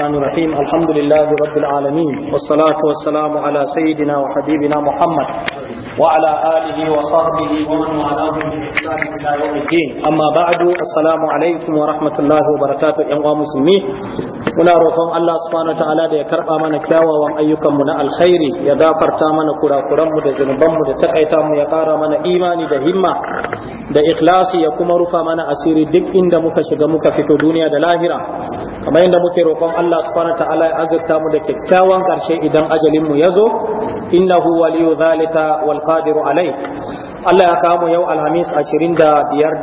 الرحمن الرحيم الحمد لله رب العالمين والصلاة والسلام على سيدنا وحبيبنا محمد وعلى آله وصحبه ومن والاه بإحسان muna rokon Allah subhanahu da ya karɓa mana kyawawan ayyukanmu na alkhairi ya gafarta mana kurakuranmu da zunubanmu da takaita mu ya ƙara mana imani da himma da ikhlasi ya kuma rufa mana asiri duk inda muka shiga muka fito duniya da lahira kamar yadda muke roƙon Allah Allah subhanahu ta'ala ya azurta mu da kyakkyawan karshe idan ajalin mu yazo innahu waliyu zalika wal qadiru alai Allah ya kawo yau alhamis 25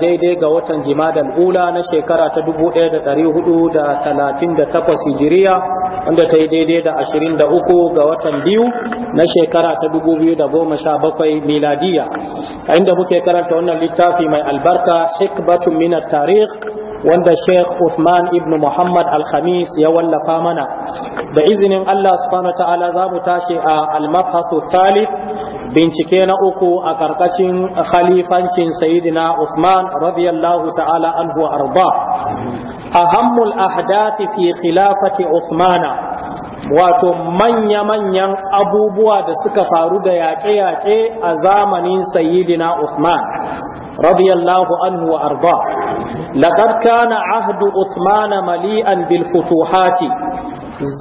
daidai ga watan jimadan ula na shekara ta 1438 hijiriya wanda ta yi daidai da 23 ga watan biyu na shekara ta 2017 miladiya a inda muke karanta wannan littafi mai albarka hikbatun minat tarikh wanda Sheikh Uthman ibn Muhammad Al-Khamis ya wallafa mana da izinin Allah subhanahu ta'ala za mu tashi a al-mabhathu thalith bincike na uku a karkashin khalifancin Sayyidina Uthman radiyallahu ta'ala anhu arba ahammul ahdathi fi khilafati Uthmana wato manya-manyan abubuwa da suka faru da yaƙe-yaƙe a zamanin sayyidina Uthman radiyallahu anhu arba laqad na ahdu Uthman mali'an bil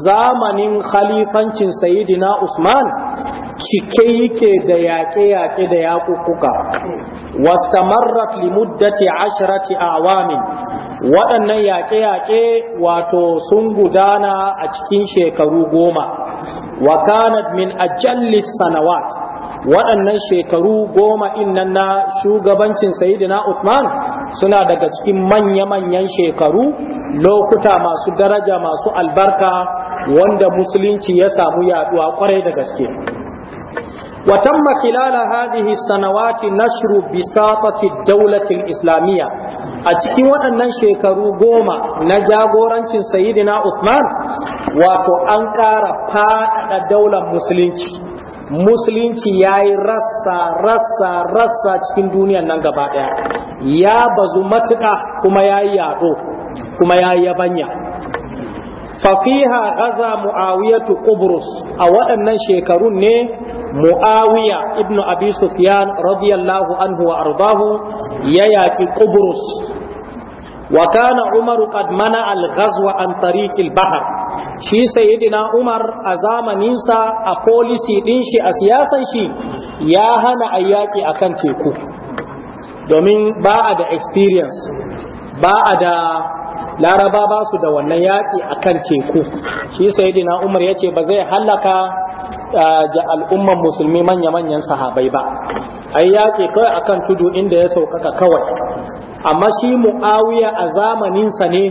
zamanin khalifancin sayyidina Usman cike yake da yaƙe-yaƙe da yaƙuƙuka wastamarrat limuddati asharati awamin waɗannan yaƙe-yaƙe wato sun gudana a cikin shekaru goma wa kanat min ajallis sanawat waɗannan shekaru goma innan na shugabancin sayidina Usman suna daga cikin manya-manyan shekaru lokuta masu daraja masu albarka wanda musulunci ya samu yaɗuwa kwarai da gaske Watan وتم خلال هذه السنوات Islamiyya, a cikin waɗannan shekaru goma na jagorancin نجاغورا Usman, wato an ƙara فاء الدولة musulunci. musulunci ya yi rassa rassa rassa cikin duniyan nan gaba ɗaya ya bazu matuƙa kuma ya yi yaɗo kuma ya yi yabanya fafiha gaza mu'awiyatu kubrus a waɗannan shekarun ne mu'awiya ibnu abi sufyan radiyallahu anhu wa ardahu ya yaki kubrus wa kana umaru qad mana al-ghazwa an tariqil bahr shi sayyidina umar a zamaninsa a polisi ɗin shi a siyasan shi ya hana a yaƙi a kan teku domin ba a da experience ba a da laraba ba su da wannan yaƙi a kan teku shi sayyidina umar ya ce ba zai hallaka da al'ummar musulmi manya-manyan sahabai ba ai yaƙi kawai akan tudu inda ya saukaka kawai amma shi mu'awiya a zamaninsa ne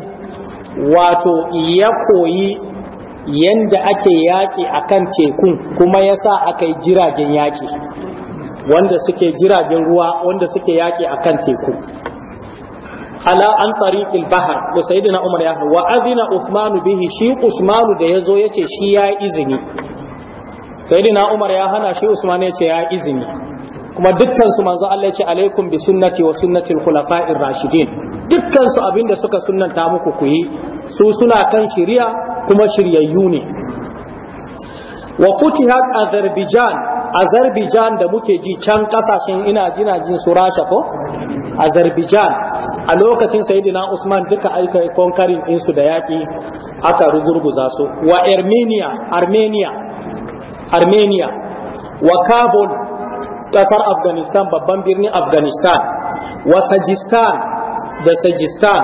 wato ya koyi yanda ake yaƙi a kan tekun kuma ya sa aka yi jiragen yaƙi wanda suke jiragen ruwa wanda suke yaƙi a kan teku ala an tariqil bahar da sayyidina umar ya wa azina usmanu bihi shi usmanu da yazo yace shi ya izini sayyidina umar ya hana shi usman yace ya izini kuma dukkan su manzo Allah ce alaikum bi sunnati wa sunnati al-khulafa'ir rashidin dukkan su abinda suka sunnanta muku ku yi su suna kan shari'a kuma shiryayyu ne wa futihat azerbaijan azerbaijan da muke ji can kasashen ina jina jin su rasha ko azerbaijan a lokacin sayidina usman duka aika konkarin insu da yaki aka rugurguza su wa armenia armenia armenia wa kabul kasar afghanistan babban birnin afghanistan wa sajistan da sajistan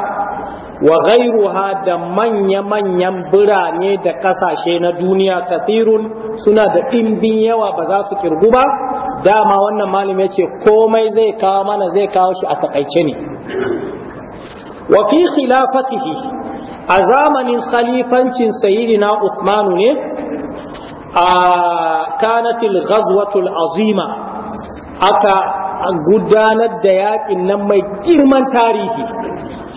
wa ghairuha da manya-manyan birane da kasashe na duniya kathirun suna da ɗimbin yawa ba za su kirgu ba dama wannan malam ya ce komai zai kawo mana zai kawo shi a takaice ne wa fi khilafatihi a zamanin khalifancin sayyidina usmanu ne a kanatil ghazwatul azima aka A gudanar da yakin nan mai girman tarihi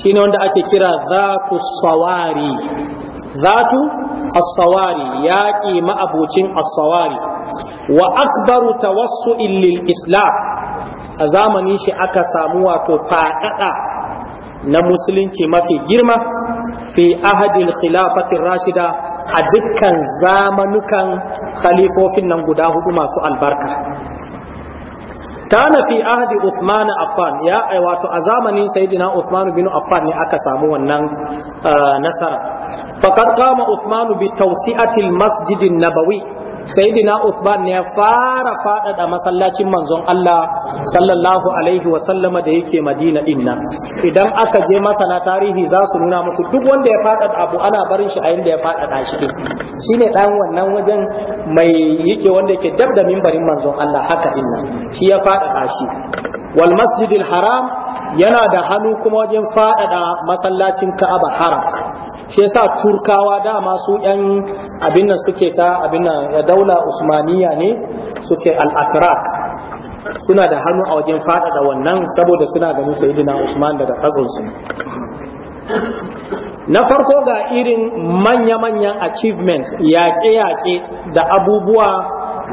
shi ne wanda ake kira zatu sawari zatu as-sawari yaki ma'abucin as-sawari wa akbaru wasu illil islam a zamani shi aka samu wato faɗaɗa na musulunci mafi girma fi ahadin khilafatin rashida a dukkan zamanukan khalifofin nan guda hudu masu albarka kana fi ahdi Uthman Affan ya eh, wato a zamanin sayyidina Uthman bin Affan ne aka samu wannan eh, nasara faqad qama Uthman bi tawsi'ati al-masjid an-nabawi sayyidina Uthman ne ya fara faɗaɗa masallacin manzon Allah sallallahu alaihi wa sallama da yake Madina din idan aka je masana tarihi za su nuna muku duk wanda ya faɗaɗa abu ana barin shi a inda ya faɗaɗa shi din shine dan wannan wajen mai yake wanda yake dab da mimbarin manzon Allah haka inna. shi ya faɗaɗa shi wal masjidil haram yana da hannu kuma wajen faɗaɗa masallacin Ka'aba haram shi yasa turkawa dama su yan abin nan suke ta abin nan daula usmaniya ne suke al-atrak suna da hannu a wajen faɗaɗa wannan saboda suna ganin sayyidina usman daga su na farko ga irin manya-manyan achievements yaƙe-yaƙe da abubuwa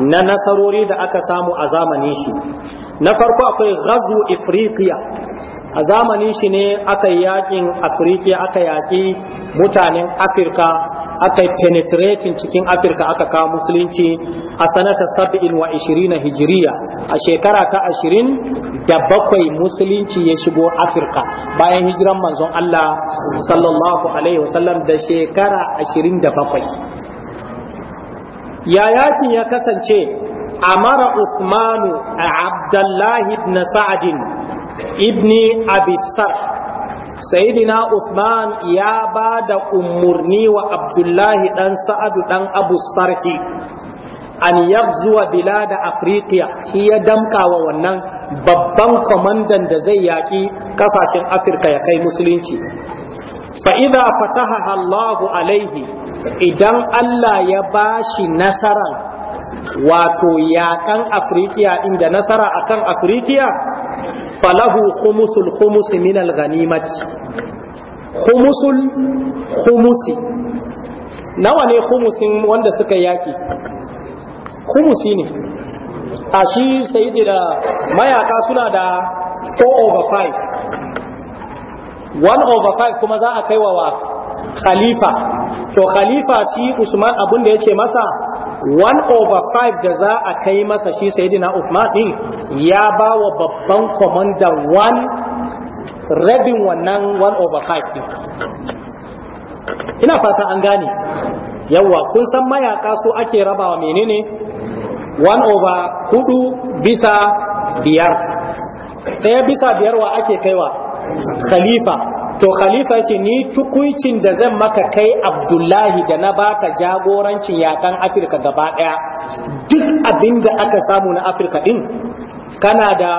na nasarori da aka samu a zamanin shi na farko akwai ghazu ifriqiya a zamanin shi ne aka yi yakin afirka aka yaki mutanen afirka aka yi penetrating cikin afirka aka kawo musulunci a sanata sab'in wa na hijiriya a shekara ta ashirin da bakwai musulunci ya shigo afirka bayan hijiran manzon allah sallallahu alaihi wasallam da shekara ashirin da bakwai ya yakin ya kasance amara usmanu abdullahi na sa'adin ibni abisar sayidina Usman ya ba da umarni wa abdullahi dan sa'adu dan abu sarhi an yabzuwa bilada afriqiya shi ya damka wa wannan babban kwamandan da zai yaƙi kasashen afirka ya kai musulunci fa'ida fataha allahu alaihi idan allah ya bashi nasaran wato kan afirikiya inda nasara akan afirikiya falahu khumusul khumusi min al khumusul khumusi nawa ne khumusin wanda suka yaki khumusi ne a shi sai da mayaka suna da 4 over 5 1 over 5 kuma za a kai wa khalifa to khalifa shi usman abin da yake masa one over 5 da za a kai masa shi sayidina Usman din ya ba wa babban kwamandan 1 rabin wannan one over five din ina fata an gane yawa kun san mayaka su ake rabawa menene one over 4 bisa biyar ɗaya bisa biyarwa wa ake kaiwa khalifa to khalifa ce ni tukuncin da zan maka kai abdullahi da na baka jagorancin yakan afirka gaba daya duk abin da aka samu na afirka din kana da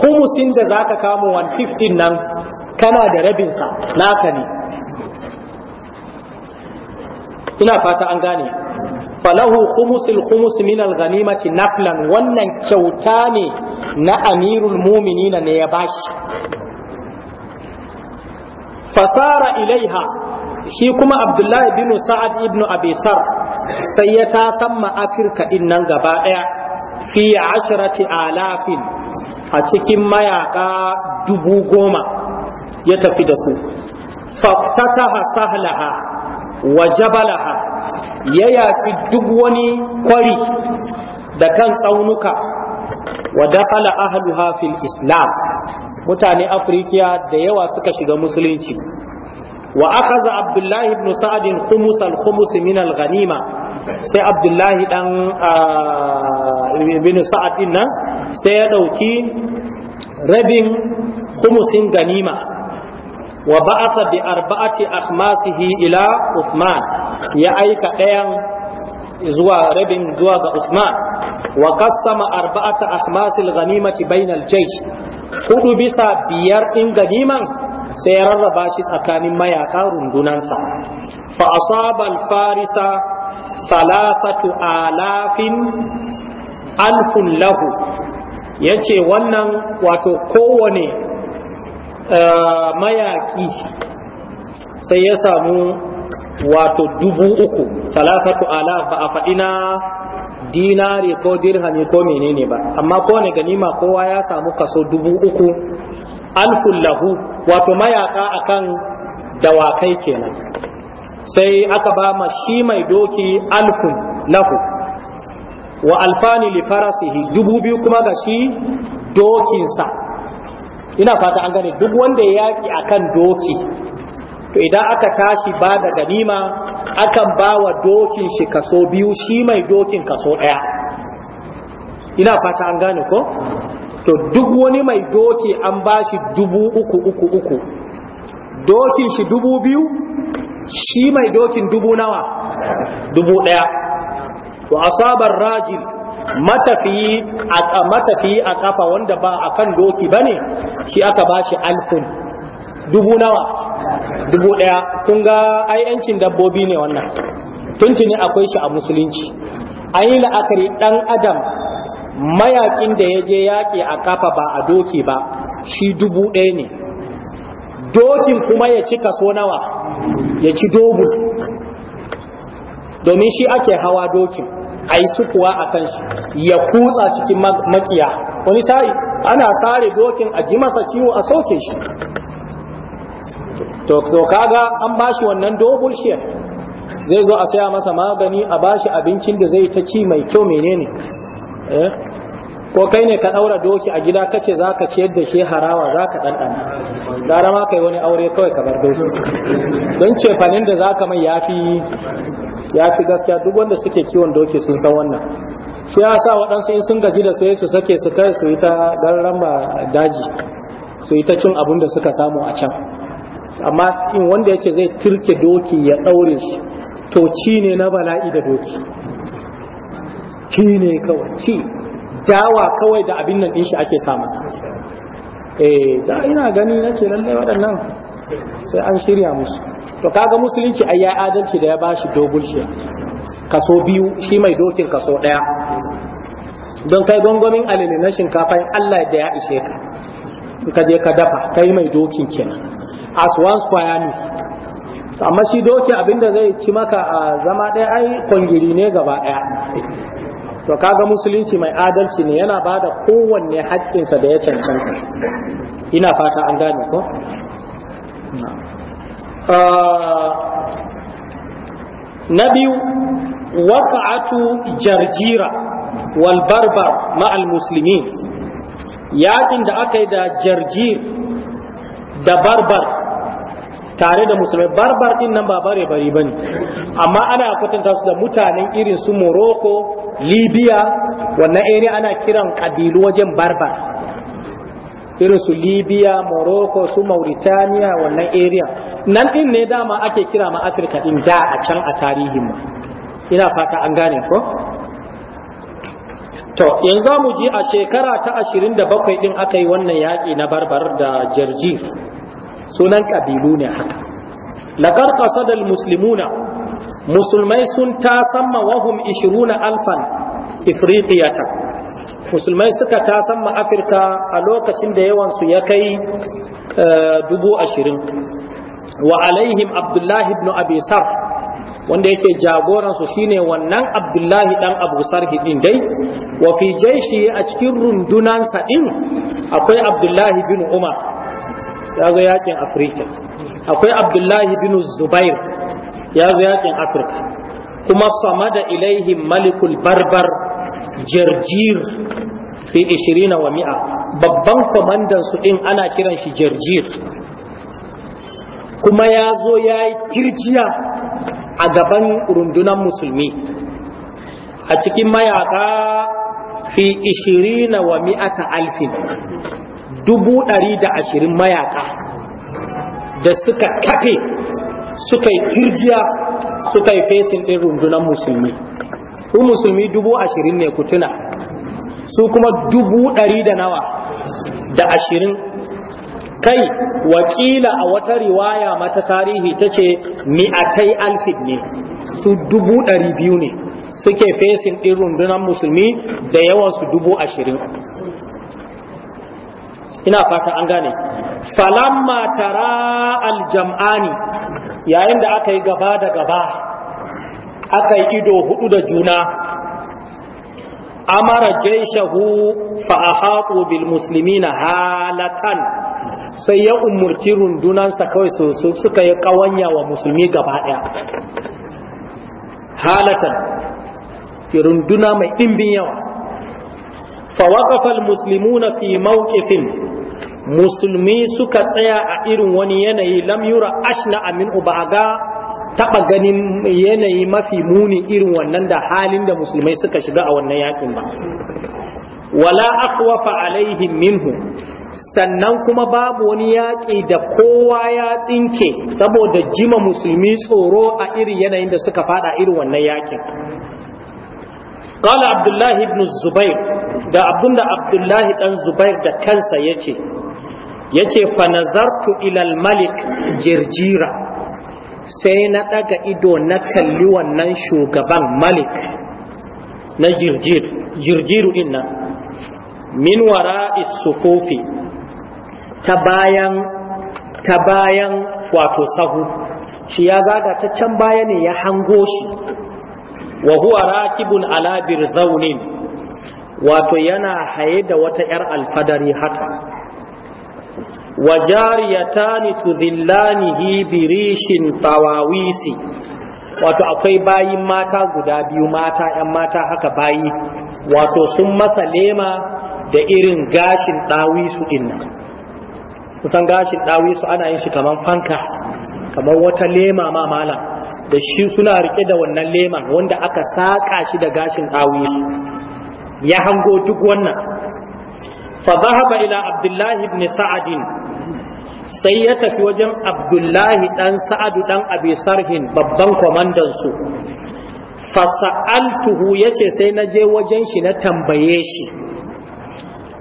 humusin da zaka kamo 150 nan kana da rabinsa naka ne ina fata an gane falahu khumusul khumus min al-ghanimati naflan wannan kyauta ne na amirul mu'minina ne ya bashi fasara ilaiha shi kuma abdullahi bin sa'ad ibn Abisar, sai ya tasan ma afirka din nan gaba daya fi asharati alafin a cikin mayaka dubu goma ya tafi da su faftataha sahlaha wa jabalaha ya yaƙi duk wani kwari da kan tsaunuka wa dakhala ahluha fil islam mutane afirikiya da yawa suka shiga musulunci wa akhadha abdullahi ibn sa'd khumus al khumus min al ghanima sai abdullahi dan ah, ibn sa'd din nan sai ya dauki rabin khumusin ganima wa ba'atha bi arba'ati akhmasihi ila usman ya aika ɗayan zuwa rabin zuwa ga usman wa qassama arba'ata ahmasil ghanimati bainal jaysh hudu bisa biyar din ganiman sai ya rarraba shi tsakanin mayaka rundunansa fa asaba al farisa thalathatu alafin alfun lahu yace wannan wato kowane mayaki sai ya samu wato dubu uku talafatu alaf a a faɗina dinari ko dirhami ko menene ba amma ko ne ganima kowa ya samu kaso dubu uku alfun lahu wato mayaka akan dawakai kenan sai aka ba ma shi mai doki alfun lahu wa alfani li farasihi dubu biyu kuma ga shi dokinsa ina fata an gane duk wanda ya yaki akan doki to idan aka tashi ba da ganima akan ba wa dokin shi kaso biyu shi mai dokin kaso ɗaya ina fata an gane ko to duk wani mai doki an ba shi dubu uku uku uku dokin shi dubu biyu shi mai dokin dubu nawa dubu ɗaya to asabar rajil matafiyi a matafiyi a kafa wanda ba akan doki bane shi aka ba shi alfun dubu nawa dubu ɗaya kun ga ai dabbobi ne wannan ne akwai shi a musulunci an yi la'akari ɗan adam mayakin da ya je yaƙi a kafa ba a doki ba shi dubu ɗaya ne dokin kuma ya ci kaso nawa ya ci dogu domin shi ake hawa dokin a yi sukuwa a kan shi ya kutsa cikin makiya wani sa'i ana sare dokin a ji masa ciwo a soke shi to so kaga an bashi wannan double share zai zo a saya masa magani a bashi abincin da zai ta ci mai kyau menene eh ko kai ne ka daura doki a gida kace zaka ciyar da shi harawa zaka dan gara ma kai wani aure kawai ka bar doki don ce fanin da zaka mai yafi yafi gaskiya duk wanda suke kiwon doki sun san wannan shi ya sa waɗansu in sun gaji da su su sake su kai su yi ta garramba daji su yi ta cin abun da suka samu a can amma in wanda ya ce zai turke doki ya ɗaure shi to ci ne na bala'i da doki ci ne kawai ci dawa kawai da abin nan shi ake samu. eh da ina gani na ce lallai waɗannan sai an shirya musu to kaga musulunci ai ya adalci da ya bashi dogul shi kaso biyu shi mai dokin kaso ɗaya don kai gongomin alele na shinkafa Allah da ya ishe ka ka je ka dafa kai mai dokin kenan as one square ne amma shi doki abinda zai ci maka a zama ɗaya ai kongiri ne gaba ɗaya to kaga musulunci mai adalci ne yana ba da kowanne haƙƙinsa da ya cancanta ina fata an gane ko na biyu waka'atu jarjira wal barbar ma'al musulmi yakin da aka yi da jarjir da barbar tare da musulmai barbar din nan ba bare bari bane amma ana kwatanta su da mutanen irin su Morocco Libya wannan area ana kiran kabilu wajen barbar irin su Libya Morocco su Mauritania wannan area nan din ne dama ake kira ma Afirka din da a can a tarihin mu ina fata an gane ko to yanzu mu ji a shekara ta ashirin bakwai ɗin aka yi wannan yaƙi na barbar da jarjir sunan ƙabilu ne haka laƙar ƙasar musulmuna musulmai sun ta samma wahum ishiruna alfan ifritiyata musulmai suka ta samma afirka a lokacin da yawansu ya kai eh, dubu ashirin wa alaihim abdullahi ibn abi sarf wanda yake jagoransu shine wannan abdullahi dan abu sarhi din dai wa fi jaishi a cikin rundunansa din akwai abdullahi bin umar ya zo yakin afirka akwai abdullahi bin zubair ya zo yakin afirka kuma samada da malikul barbar jarjir fi ishirina wa mi'a babban kwamandan su din ana kiran shi jarjir kuma ya zo ya yi kirjiya a gaban rundunar musulmi a cikin mayaka fi na wa mi'ata alfin dubu ɗari da ashirin mayaka da suka kafe suka yi kirjiya suka yi fesin ɗin rundunar musulmi ku musulmi dubu ashirin ne ku su kuma dubu ɗari da nawa da ashirin kai wakila a wata riwaya mata tarihi ta ce mi'atai alfid ne su dubu ɗari biyu ne suke fesin ɗin rundunar musulmi da yawansu dubu ashirin ina fata an gane falamma tara aljam'ani yayin da aka yi gaba da gaba aka yi ido hudu da juna amara jaishahu fa bil muslimina halatan sai ya umurci rundunansa kawai soso suka yi kawanya wa musulmi gaba ɗaya halatan runduna mai ɗimbin yawa fawakafal muslimuna fi mawqifin musulmi suka tsaya a irin wani yanayi lam yura ashna amin ba ga taɓa ganin yanayi mafi muni irin wannan da halin da musulmai suka shiga a wannan yakin ba wala akhwafa alaihim minhu sannan kuma babu wani yaƙi da kowa ya tsinke saboda jima musulmi tsoro a iri yanayin da suka fada irin wannan yaƙin qala abdullahi ibn zubair da abunda abdullahi dan zubair da kansa yace yace fa nazartu ila al malik jirjira sai na daga ido na kalli wannan shugaban malik na jirjir jirjiru inna min wara sufufi ta bayan ta bayan wato sahu shi ya gada ta can baya ne ya hango shi wa huwa rakibun ala birzaunin wato yana haye da wata yar alfadari haka wa jariyatani tudhillanihi birishin tawawisi wato akwai bayin mata guda biyu mata ‘yan mata haka bayi wato sun masa lema da irin gashin ɗawisu ɗin nan kusan gashin ɗawisu ana yin shi kamar fanka kamar wata lema ma malam da shi suna rike da wannan lema wanda aka saƙa shi da gashin ɗawisu ya hango duk wannan fa zahaba ila abdullahi ibn sa'adin sai ya tafi wajen abdullahi dan sa'adu dan abi sarhin babban kwamandan su fasa'altuhu yace sai na je wajen shi na tambaye shi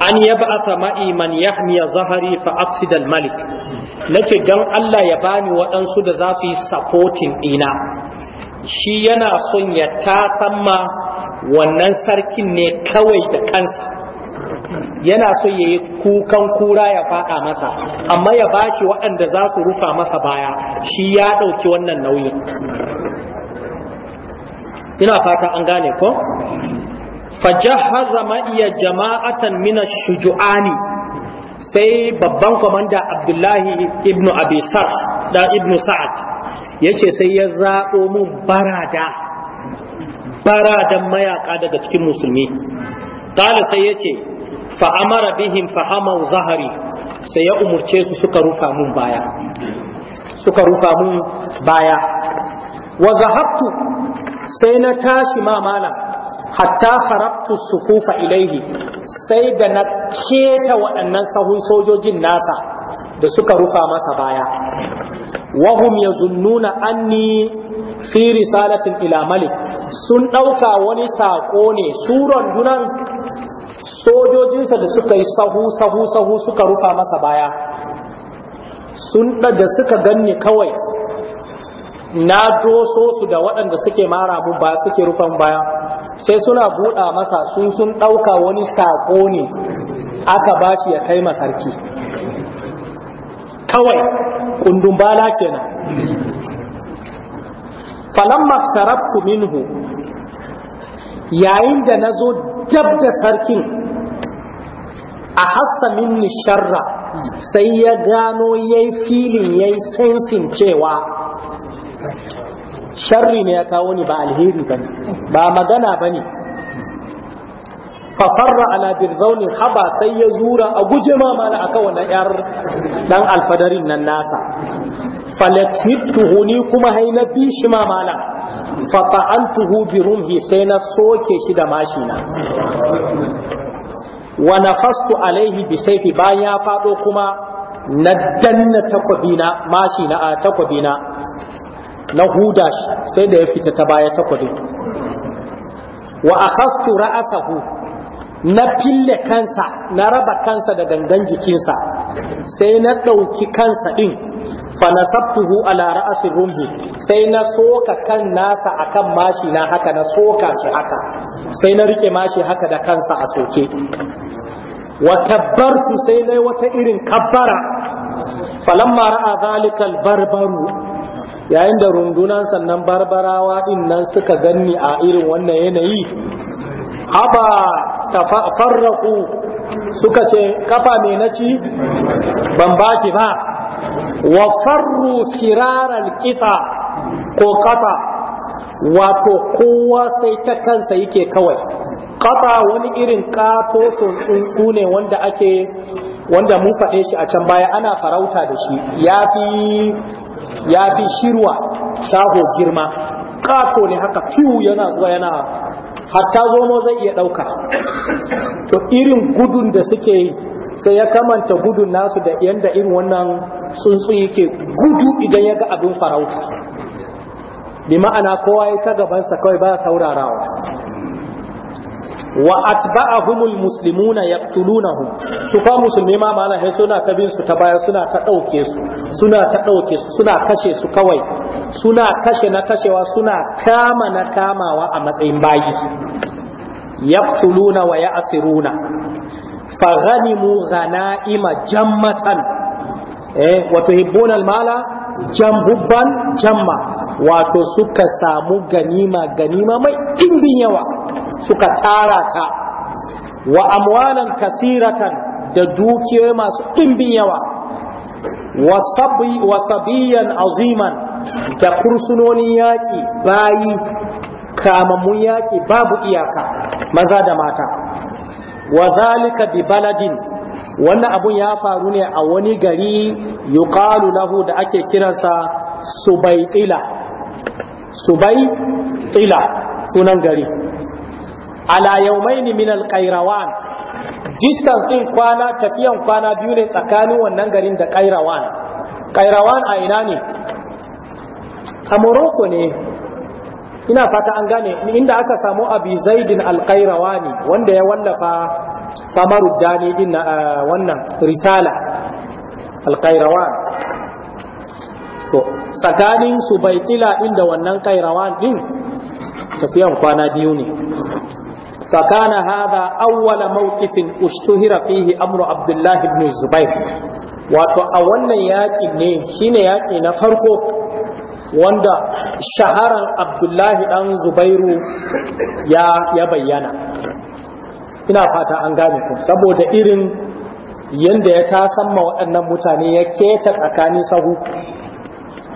an yab'atha ma'i man hamiya zahari fa afsid malik Na ce don Allah ya bani waɗansu da za su yi sapotin ina shi yana son ya tasamma wannan sarkin ne kawai da kansa yana so ya yi kukan kura ya faɗa masa amma ya ba shi waɗanda za su rufa masa baya shi ya ɗauki wannan nauyin ina fata an gane ko fajahaza ma'iya jama'atan mina shuju'ani sai babban kwamanda abdullahi ibnu Abisa da ibnu sa'ad yace sai ya zaɓo mun barada baradan mayaka daga cikin musulmi kala sai yace fa amara bihim fa hamau zahari sai ya umurce su suka rufa mun baya suka rufa mun baya wa zahabtu sai na tashi ma malam hatta harabtu sufufa ilaihi sai da na keta waɗannan sahun sojojin nasa da suka rufa masa baya wahum yazunnuna anni fi risalatin ila malik sun ɗauka wani saƙo ne suron dunan sojojinsa da suka yi sahu sahu sahu suka rufa masa baya sun da suka ganni kawai na doso su da waɗanda suke mara mun ba suke rufan baya sai suna buɗa masa sun sun ɗauka wani saƙo ne aka bashi ya kai masarki kawai kundun bala kenan falon sarabtu minhu yayin da na zo dab da sarkin a hassa minni sharra sai ya gano ya yi filin ya yi sensin cewa sharri ne ya kawo ni ba alheri ba ne ba magana ba ne fafarra ala birzaunin haba sai ya zura a guje ma a kawo na yar dan alfadarin nan nasa falakittuhu ni kuma haina bi shi ma mala fata'antuhu bi rumhi sai na soke shi da mashina wa nafastu alaihi bi saifi bayan ya fado kuma na danna takwabina a takwabina na huda shi sai da ya fita ta baya ta kwado wa akhastu ra'asahu na fille kansa na raba kansa da gangan jikinsa sai na ɗauki kansa ɗin fa nasabtuhu ala ra'asir rumhi sai na soka kan nasa kan mashi na haka na soka shi haka sai na rike mashi haka da kansa a soke wa kabbartu sai na wata irin kabbara falamma ra'a zalikal barbaru yayin da rundunan sannan barbarawa din nan suka ganni a irin wannan yanayi haba farraku suka ce kafa me ci ban baki ba wa farru firaral kita ko kafa wato kowa sai ta kansa yake kawai kafa wani irin kato tsuntsu ne wanda ake wanda mun faɗe shi a can baya ana farauta da shi ya fi ya fi shirwa shaho girma kato ne haka fiwu yana zuwa yana hatta zomo zai iya ɗauka to irin gudun da suke yi sai ya kamanta gudun nasu da yanda irin wannan tsuntsu yake gudu idan ya ga abin farauta bi ma'ana kowa ya ta gabansa kawai ba saurarawa wa atba'ahumul muslimuna yaqtulunahum su fa musulmi ma malan sai suna ta bin su ta baya suna ta dauke su suna ta dauke su suna kashe su kawai suna kashe na kashewa suna kama na kamawa a matsayin bayi yaqtuluna wa ya'siruna faghanimu ghanaima jammatan eh wato hibbuna almala jambubban jamma wato suka samu ganima ganima mai ɗimbin yawa suka tara ta wa amwanan kasiratan da dukiyoyi masu ɗimbin yawa wa sabiyan aziman da kursunonin yaƙi bayi kamammun yaƙi babu iyaka maza da mata wa zalika bi baladin wannan abun ya faru ne a wani gari yuqalu lahu da ake kiransa subaitila subaitila sunan gari ala yaumaini min alqairawan distance din kwana tafiyan kwana biyu ne tsakanin wannan garin da qairawan qairawan a ina ne a morocco ne ina fata an gane inda aka samu abi zaidin alqairawani wanda ya wallafa dani din uh, wannan risala alqairawan to tsakanin subaitila baitila inda wannan qairawan din tafiyan kwana biyu ne فكان هذا أول موقف اشتهر فيه أمر عبد الله بن الزبير wato a wannan yaƙi ne shine yaƙi na farko wanda shaharan abdullahi ɗan zubairu ya, ya bayyana ina fata an gane ku saboda irin yadda ya tasamma waɗannan mutane ya keta tsakanin sahu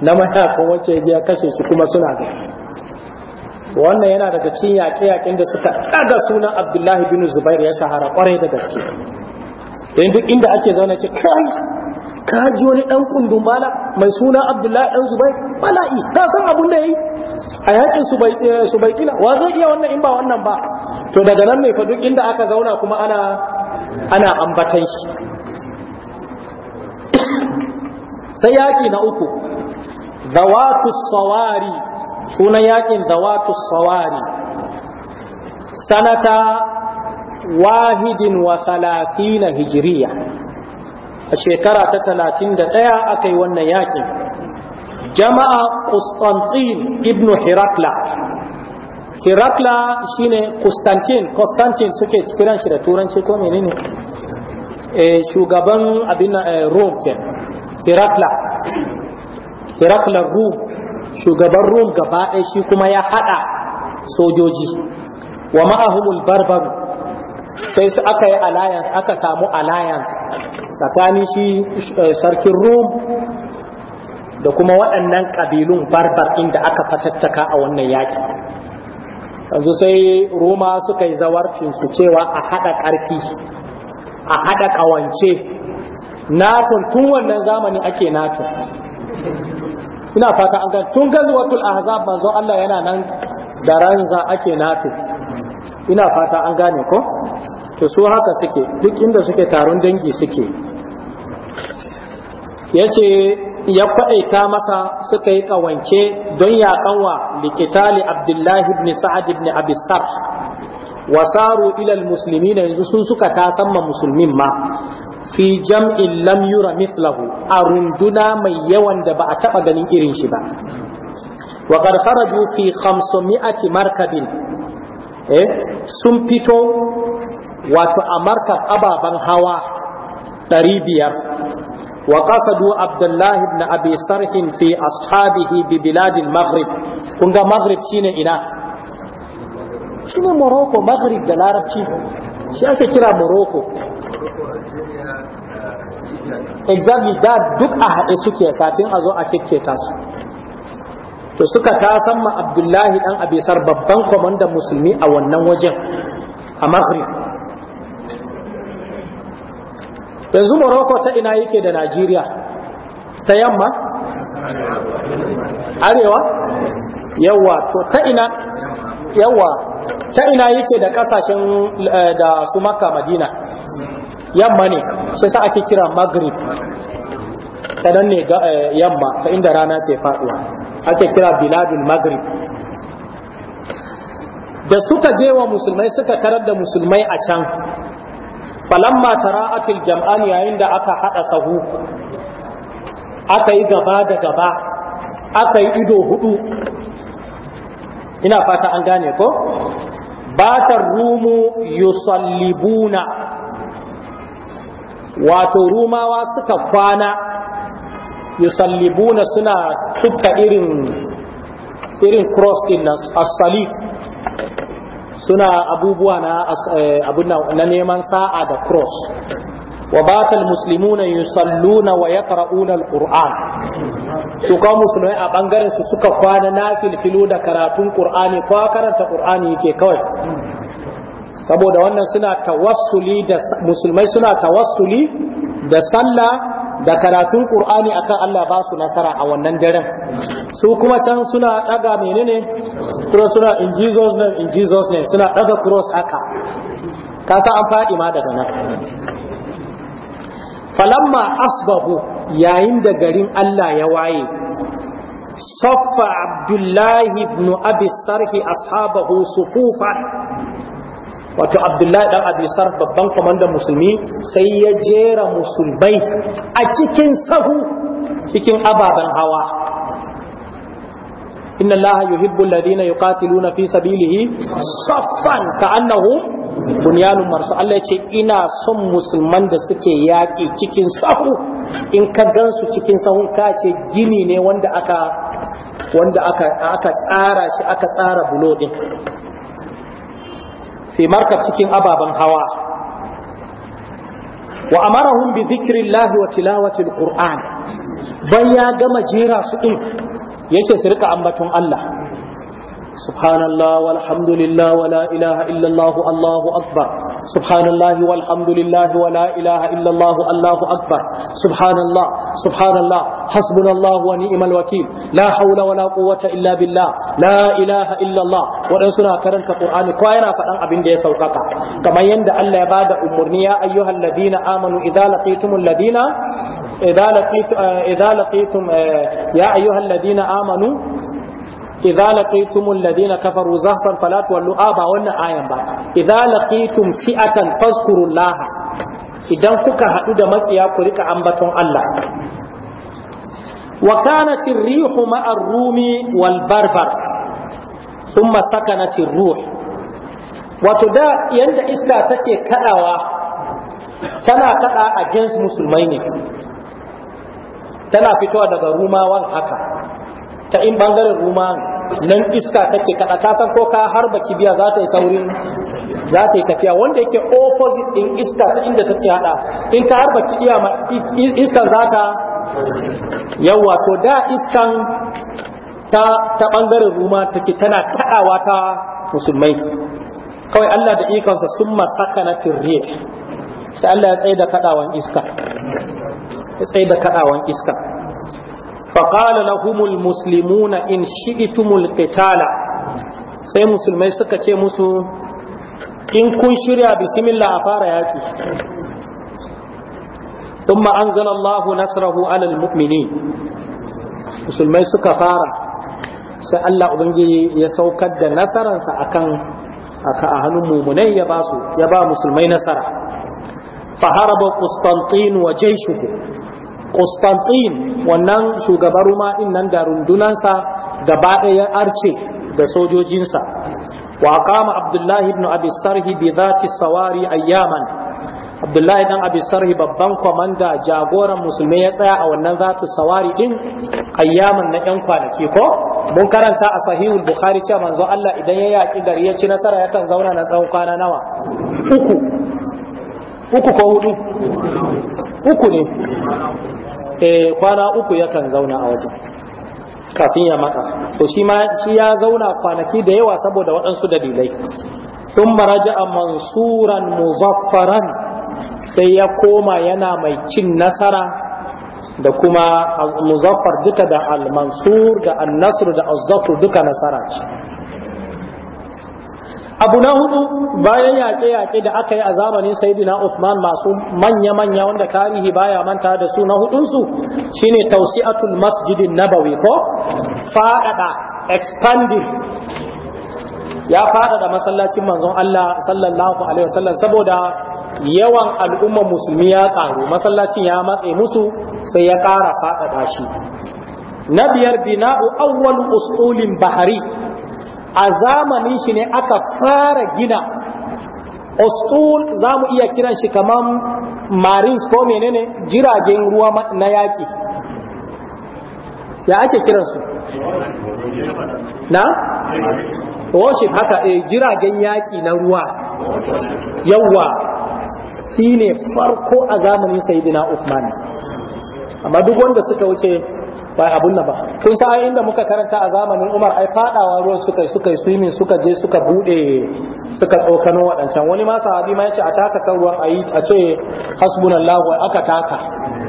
na mayakan wacce ya kashe su kuma suna gani wannan yana daga cikin yaƙe-yaƙen da suka ɗaga sunan abdullahi bin zubair ya shahara ƙwarai da gaske don duk inda ake zaune ce kai ka ji wani ɗan kundun bala mai suna abdullahi ɗan zubair bala'i ka san abun da ya yi a yakin su bai eh, kila wa zai iya wannan in ba wannan ba to daga nan ne fa duk inda aka zauna kuma ana ana ambatan shi sai yaki na uku watu sawari sunan yakin dawatu sawari sanata wahidin wa salatina hijiriya a shekara ta talatin da ɗaya aka yi wannan yakin jama'a Kustantin ibn Hirakla Hirakla shine Kustantin Kustantin suke kiran shi da turanci ko menene eh, shugaban abin eh, Rome ke Hirakla Hirakla Rome shugaban rum gaba ɗaya shi kuma ya haɗa sojoji wa ma'ahumul barbaru sai su aka yi alliance aka samu alliance tsakanin shi eh, sarkin rum da kuma waɗannan ƙabilun barbar inda aka fatattaka a wannan yaƙi yanzu sai roma suka yi zawarcin su cewa a haɗa ƙarfi a haɗa ƙawance nato tun wannan zamani ake nato ina fata an gan tun gazwatul ahzab manzo Allah yana nan da ranza ake nafi ina fata an gane ko to su haka suke duk inda suke taron dangi suke yace ya faɗaita masa suka yi ƙawance don kanwa likitali abdullahi ibn sa'ad ibn abi sarh wasaru ilal musulmi na yanzu sun suka tasamma musulmin ma fi jam'in lam yura mithlahu a runduna mai yawan da ba a taɓa ganin irin shi ba wa qad kharaju fi 500 markabin eh sun fito wato a markab ababan hawa 500 wa qasadu abdullahi ibn abi sarhin fi ashabihi bi biladil maghrib kunga maghrib shine ina shine morocco maghrib da larabci shi ake kira morocco exactly da duk a haɗe suke kafin a zo a ta su to suka ta ma abdullahi dan abisar babban kwamandan musulmi a wannan wajen a maghrib yanzu morocco ta ina yake da najeriya ta yamma arewa yawa to ta ina yawa ta ina yake da kasashen eh, da su makka madina yamma ne sai sa ake kira maghrib ta nan ne eh, yamma ta inda rana ke faduwa ake kira biladul maghrib da suka je wa musulmai suka tarar da musulmai a can falamma tara'atil jam'an yayin da aka hada sahu aka yi gaba da gaba aka yi ido hudu ina fata an gane ko batar rumu yusallibuna wato rumawa suka kwana yusallibuna suna tukka irin irin cross din nan asali suna abubuwa na eh, na neman sa'a da cross wa batal muslimuna yusalluna wa yaqra'una alquran su ka musulmai a bangaren su suka kwana na filu da karatun qur'ani ko karanta qur'ani yake kawai saboda wannan suna tawassuli da musulmai suna tawassuli da sallah da karatun qur'ani akan Allah ba su nasara a wannan daren su kuma can suna daga menene cross suna in Jesus name in Jesus name suna daga cross haka ka san an fadi ma daga nan falamma asbahu yayin da garin Allah ya waye صف عبد الله بن أبي السرح أصحابه صفوفا wato abdullahi dan abisar babban kwamandan musulmi sai ya jera musulmai a cikin sahu cikin ababen hawa inna allaha yuhibbu alladhina yuqatiluna fi sabilihi saffan ka'annahum bunyanun marsu Allah ya ce ina son musulman da suke yaƙi cikin sahu in ka gansu cikin sahun ka ce gini ne wanda aka wanda aka aka tsara shi aka tsara bulo din fi markab cikin ababen hawa wa amarahum bi dhikrillahi wa tilawati alquran bayan ya gama jera su din yace su rika ambaton Allah سبحان الله والحمد لله ولا إله إلا الله الله أكبر سبحان الله والحمد لله ولا إله إلا الله الله أكبر سبحان الله سبحان الله حسبنا الله ونعم الوكيل لا حول ولا قوة إلا بالله لا إله إلا الله وإن سنة كرنك القرآن كوينا فأنا أبن دي سوقك كما يند ألا بعد أمرني يا أيها الذين آمنوا إذا لقيتم الذين إذا لقيتم, إذا لقيتم يا أيها الذين آمنوا idza laqitumul ladina kafaru zahfan Falatuwar tuwallu aba ah, wannan ayan ba idza laqitum fi'atan fazkurullaha idan kuka hadu da matsiya ku rika ambaton Allah wa kanat ar-rihu ma'a ar-rumi wal barbar thumma sakanat ar wato da yanda iska take kaɗawa tana kada against musulmai ne tana fitowa daga rumawan haka ta in bangaren ruma nan iska take kada ka san ko ka harba kibiya za ta yi saurin za ta yi tafiya wanda yake opposite din iska ta inda take hada in ka harba kibiya ma iska za ta yawa to da iskan ta ta bangaren ruma take tana taɗawa ta musulmai kawai Allah da ikon sun masaka na tirriya sai Allah ya tsaya da kaɗawan iska ya da kaɗawan iska faƙala lahumul muslimuna in shi'itumul qitala sai musulmai suka ce musu in kun shirya bismillah a fara yaƙi ثم أنزل الله نصره على المؤمنين musulmai suka fara sai Allah ubangiji ya saukar da nasararsa akan aka a hannun mumunai ya ba musulmai nasara fa haraba Constantine wa jaishuhu Constantine wannan shugaban Roma din nan da rundunansa gaba ɗaya arce da sojojinsa wa kama Abdullahi ibn Abi Sarhi bi zati sawari ayyaman Abdullahi ibn Abi Sarhi babban komanda jagoran musulmi ya tsaya a wannan zati sawari din ayyaman na yan kwanaki ko mun karanta a sahihul bukhari cewa manzo Allah idan ya yaki gari ya ci nasara yakan zauna na tsawon kwana nawa uku uku ko hudu uku ne Eh, kwana uku yakan zauna a wajen kafin ya mata to shi ma shi ya zauna kwanaki da yawa saboda waɗansu dalilai sun maraja a mansuran muzaffaran sai ya koma yana mai cin nasara da kuma muzaffar duka da al-mansur da al-nasr da al-zafr duka nasara ce abu na hudu bayan yaƙe-yaƙe da aka yi a zamanin saidina Usman masu manya-manya wanda tarihi baya manta da su na hudunsu shine tausi'atul masjidin nabawi ko faɗaɗa expanding ya faɗaɗa masallacin manzon Allah sallallahu alaihi wasallam saboda yawan al'umma musulmi ya ƙaru masallacin ya matse musu sai ya ƙara faɗaɗa shi na biyar bina'u awwal usulin bahari a zamanin shi ne aka fara gina ostul za mu iya kiran shi kamar marines ko menene jiragen ruwa na yaƙi ya ake kiransu na? worship haka e, jiragen yaƙi na ruwa yawa shi ne farko a zamanin sayidina Uthman amma duk wanda suka wuce ba abun nan ba kun sa inda muka karanta a zamanin Umar ai fadawa ruwan suka suka swimming suka je suka bude suka tsokano wadancan wani ma sahabi ma yace a taka kan ruwan ayi a ce hasbunallahu wa aka taka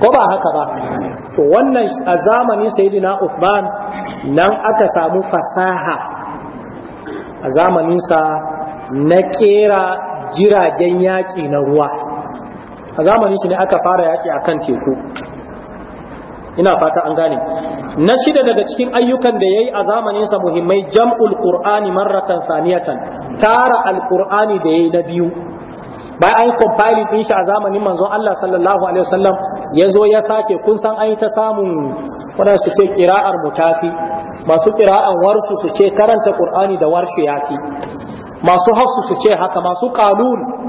ko ba haka ba to wannan a zamanin sayyidina Uthman nan aka samu fasaha a zamaninsa na kera jiragen yaƙi na ruwa a zamanin shi ne aka fara yaƙi akan teku ina fata an gane na shida daga cikin ayyukan da yayi a zamaninsa muhimmai jam'ul qur'ani marratan saniyatan tara alqur'ani da yayi na biyu bayan an compiling din shi a zamanin manzon Allah sallallahu alaihi wasallam yazo ya sake kun san an ta samun wadanda su ce qira'ar mutafi masu qira'an warsu su ce karanta qur'ani da warshi yafi masu hafsu su ce haka masu qalun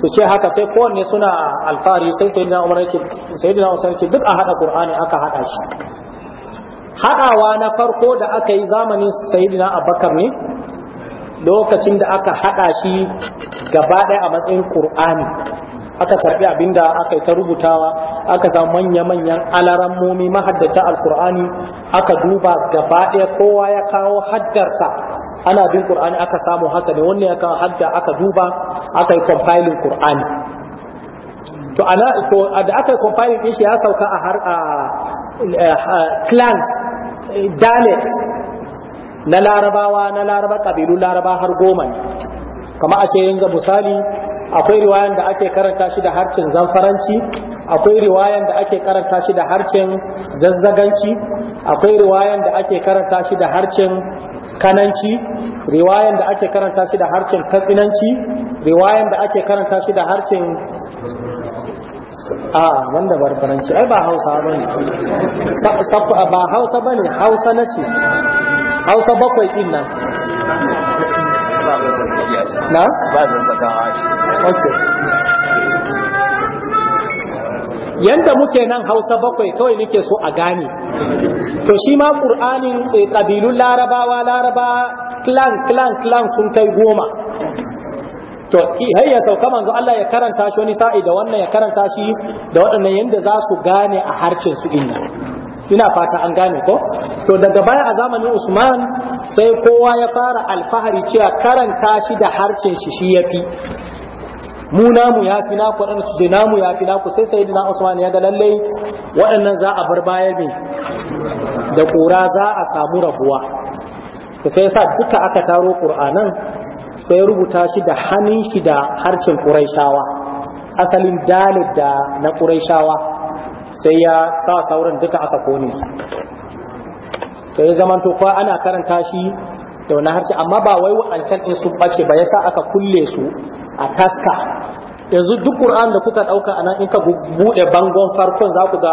su ce haka sai kowanne suna alfahari sai sayidina umar yake sayyidina usman yake duk a hada qur'ani aka hada shi hadawa na farko da aka yi zamanin sayyidina abubakar ne lokacin da aka hada shi gaba daya a matsayin qur'ani aka karbi abinda aka yi ta rubutawa aka samu manya-manyan alaran momi mahaddata alkur'ani aka duba gaba ɗaya kowa ya kawo haddarsa ana bin qur'ani aka samu haka ne wannan aka hadda aka duba aka yi compiling qur'ani to ana to da aka yi compiling din shi ya sauka a har a clans dialects na larabawa na laraba kabilu laraba har goma ne kama a ce yanga misali akwai riwayan da ake karanta shi da harshen zamfaranci akwai riwayan da ake karanta shi da harshen zazzaganci akwai riwayan da ake karanta shi da harcin kananci riwayan da ake karanta shi da harcin katsinanci riwayan da ake karanta shi da harcin a wanda barbaranci ai ba hausa ba ne ba hausa ba ne hausa na ce hausa bakwai din nan na? ba zan tsakawa ok yanda muke nan hausa bakwai kawai nake so a gane to shi ma ƙur'anin eh, ƙabilun larabawa laraba clan clan clan sun kai goma to hai ya sauka manzo Allah ya karanta shi wani sa'i da wannan ya karanta shi da waɗannan yanda za su gane a harcin su inna ina fata an gane ko to daga baya a zamanin Usman sai kowa ya fara alfahari cewa karanta shi da harcin shi shi yafi mu namu ya fi naku waɗanda su zai namu ya fi naku sai sai dina usman ya ga lallai waɗannan za a bar baya ne da ƙura za a samu rabuwa Ku sai sa duka aka taro ƙur'anan sai rubuta shi da hannun shi da harcin ƙuraishawa asalin dalib da na ƙuraishawa sai ya sa sauran duka aka kone su to ya zamanto ana karanta shi da wani harshe amma ba wai waɗancan in sun ɓace ba yasa aka kulle su a taska yanzu duk Qur'an da kuka ɗauka a nan in ka buɗe bangon farkon za ku ga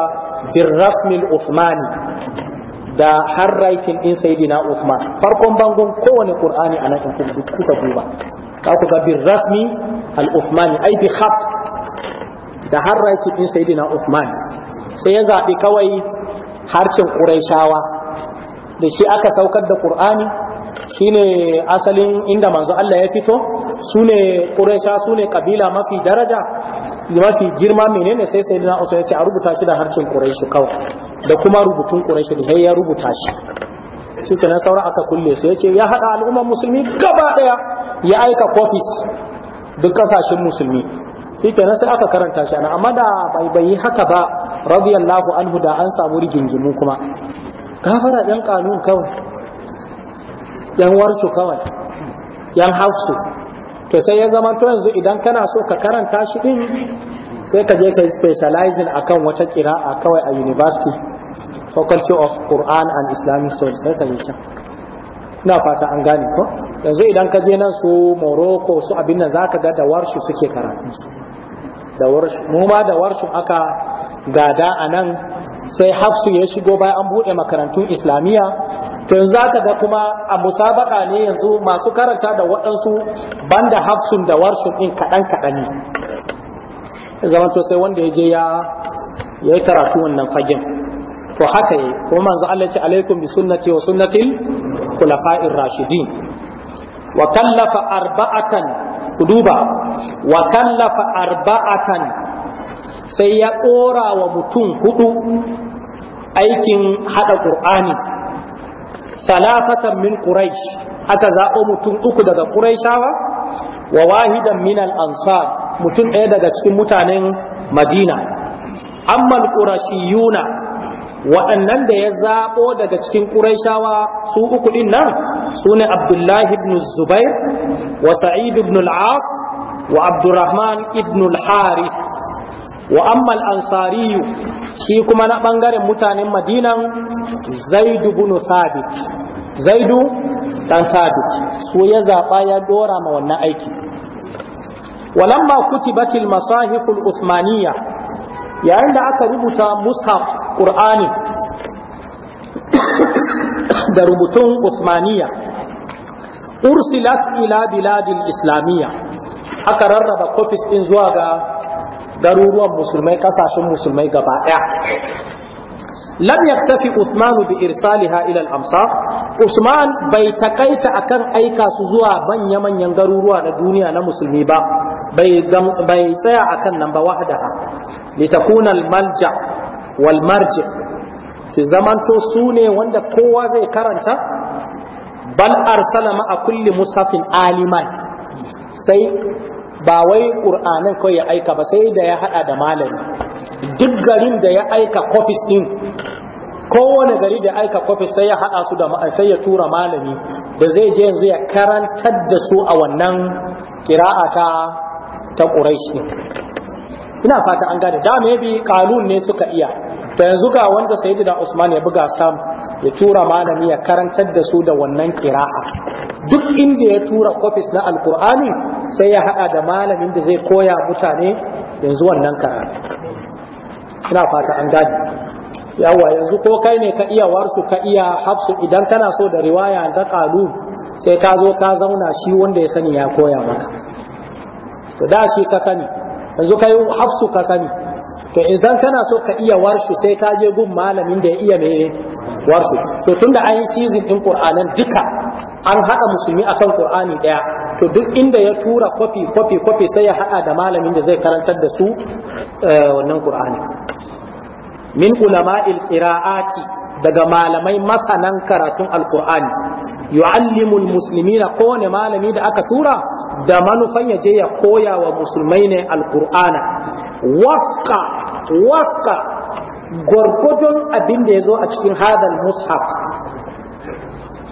birrasmil Uthmani da handwriting ɗin Sayyidina Uthman farkon bangon kowane Qur'ani a nan in kuka duba za ku ga birrasmi al-Uthmani ai bi khat da handwriting ɗin Sayyidina Uthman sai ya zaɓi kawai harcin shawa da shi aka saukar da Qur'ani shine asalin inda manzo Allah ya fito sune quraisha sune kabila mafi daraja mafi girma menene sai sai na usa ce a rubuta shi da harkin quraishi kawai da kuma rubutun quraishi da ya rubuta shi shi kenan saura aka kulle su yace ya haɗa al'ummar musulmi gaba daya ya aika copies duk kasashen musulmi shi kenan sai aka karanta shi ana amma da bai bai haka ba radiyallahu anhu da an samu rigingimu kuma gafara dan kanun kawai yan warsu kawai yan hausu to sai ya zama to yanzu idan kana so ka karanta shi din sai ka je ka yi specializing akan wata kira'a kawai a university faculty of Quran and Islamic studies sai ka yi can na fata an gane ko yanzu idan ka je nan su Morocco su abin nan zaka ga da warshu suke karatun su da warshu mu ma da warshu aka gada a nan sai hafsu ya shigo bayan an buɗe makarantun islamiyya to yanzu zaka ga kuma a musabaka ne yanzu masu karanta da waɗansu banda hafsun da warshun ɗin kaɗan kaɗan ne zaman to sai wanda ya je ya yi karatu wannan fagen to haka yi kuma manzo Allah ce alaikum bi sunnati wa sunnatil khulafa'ir rashidin wa kallafa arba'atan duba wa kallafa arba'atan sai ya ɗora wa mutum hudu aikin haɗa ƙur'ani talafatan min ƙuraish aka zaɓo mutum uku daga ƙuraishawa wa wahidan min ansar mutum ɗaya daga cikin mutanen madina ammal ƙurashi yuna, waɗannan da ya zaɓo daga cikin ƙuraishawa su uku ɗin nan su ne abdullahi ibn zubair wa sa'id ibn al'as as wa abdurrahman ibn al-harith wa ansariyu shi kuma na bangaren mutanen madinan zaidu zaidu dan thabit su ya zaba ya dora ma wannan aiki walamma kutibatil masahiful usmaniya yayin da aka rubuta mushaf ƙur'ani da rubutun usmaniya ursilat ila biladil islamiyya aka rarraba copies din zuwa ga garuruwan musulmai kasashen musulmai gaba ɗaya lam yaktafi Usman bi irsaliha ila al-amsar Usman bai takaita akan aika su zuwa manya manyan garuruwa na duniya na musulmi ba bai tsaya akan nan ba wahdaha litakuna al-malja wal marji fi zamanto sune wanda kowa zai karanta bal arsala ma a kulli musafin aliman sai ba wai ƙur'anin kawai ya aika ba sai da ya haɗa da malami duk garin da ya aika kofis ɗin kowane gari da aika kofis sai ya haɗa su da sai ya tura malami da zai je yanzu ya karantar da su a wannan ƙira'a ta ta ƙuraishi ina fata an gane da bi kanun ne suka iya to yanzu ga wanda sayyidina Usman ya buga sam ya tura malami ya karantar da su da wannan qira'a duk inda ya tura copies na alqur'ani sai ya hada da malamin da zai koya mutane yanzu wannan karatu ina fata an gane yawa yanzu ko kai ne ka iya warsu ka iya hafsu idan kana so da riwaya ga kalu sai ka zo ka zauna shi wanda ya sani ya koya maka to da shi ka sani yanzu kai hafsu ka sani to idan kana so ka iya warshu sai ka je gun malamin da ya iya me warshu to tunda an yi season din qur'anan duka an haɗa musulmi akan qur'ani ɗaya, to duk inda ya tura kofi kofi kofi sai ya haɗa da malamin da zai karantar da su eh, wannan qur'ani min ulama'il qira'ati daga malamai masanan karatun alkur'ani yu'allimul muslimina kowane malami da aka tura da manufan ya je ya koya wa musulmai ne alkur'ana wafka wafka gwargwadon abin da ya zo a cikin hadar mushaf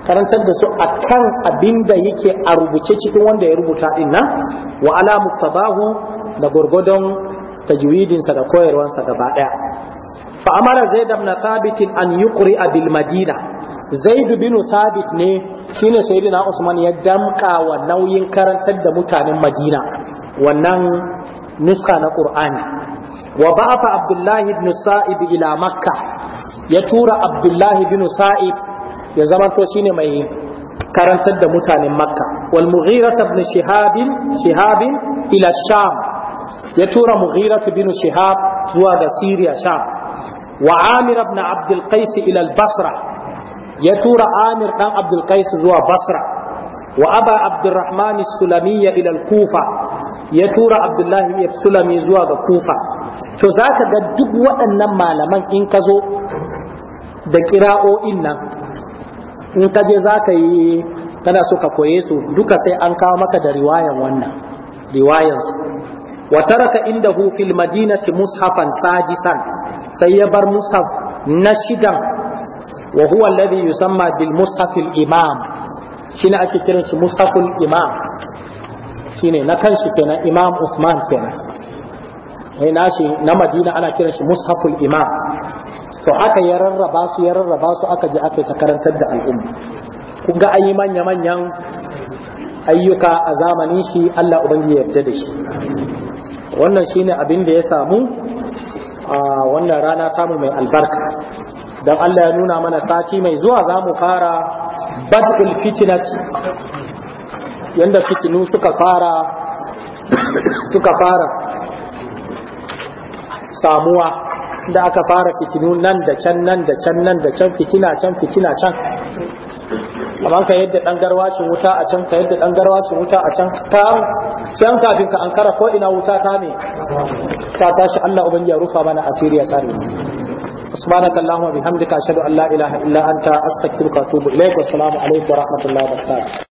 karantar da su a kan abin da yake a rubuce cikin wanda ya rubuta din nan wa ala muktabahu da gwargwadon tajwidinsa da koyarwansa gaba daya fa zai damna sabitin an an kuri a madina zaidu bin thabit ne shine sayyidina usman ya damka wa nauyin karantar da mutanen madina wannan nuska na qur'ani wa ba'atha abdullah ibn sa'ib ila makka ya tura abdullah ibn Sa'id ya zamanto shine mai karantar da mutanen makka wal mughira ibn shihab shihab ila sham ya tura mughira ibn shihab zuwa ga syria sham wa amir ibn abd al ila basra ya tura amir dan abdul qais zuwa basra wa aba abdurrahman ya ilal kufa ya tura abdullahi ibn sulami zuwa ga kufa to zaka ga duk waɗannan malaman in ka zo da kira'o'in nan in ka je zaka yi kana so ka koye su duka sai an kawo maka da riwayan wannan riwayan su wa taraka indahu fil madinati mushafan sadisan sai ya bar mushaf na shidan wa huwa alladhi yusamma bil mushaf al imam shine ake kiran shi mushaf al imam shine na kanshi kenan imam usman kenan eh nashi na madina ana kiran shi mushaf al imam to aka ya rarraba su ya su aka je aka ta karantar da al'umma kun ga ayi manya manyan ayyuka a zamani shi Allah ubangiji ya yarda da shi wannan shine abin da ya samu a wannan rana tamu mai albarka don Allah ya nuna mana sati mai zuwa za mu fara badul fitinat yadda fitinu suka fara suka fara samuwa da aka fara fitinu nan da can nan da can nan da can fitina can fitina can amma ka yadda dan garwacin wuta a can ka yadda dan garwacin wuta a can ka can kafin ka ankara ko ina wuta ta ne ta tashi Allah ubangiji ya rufa mana asiri ya subhanakallahumma wa bihamdika ashhadu an la ilaha illa anta astaghfiruka wa atubu ilaik wa assalamu alaikum wa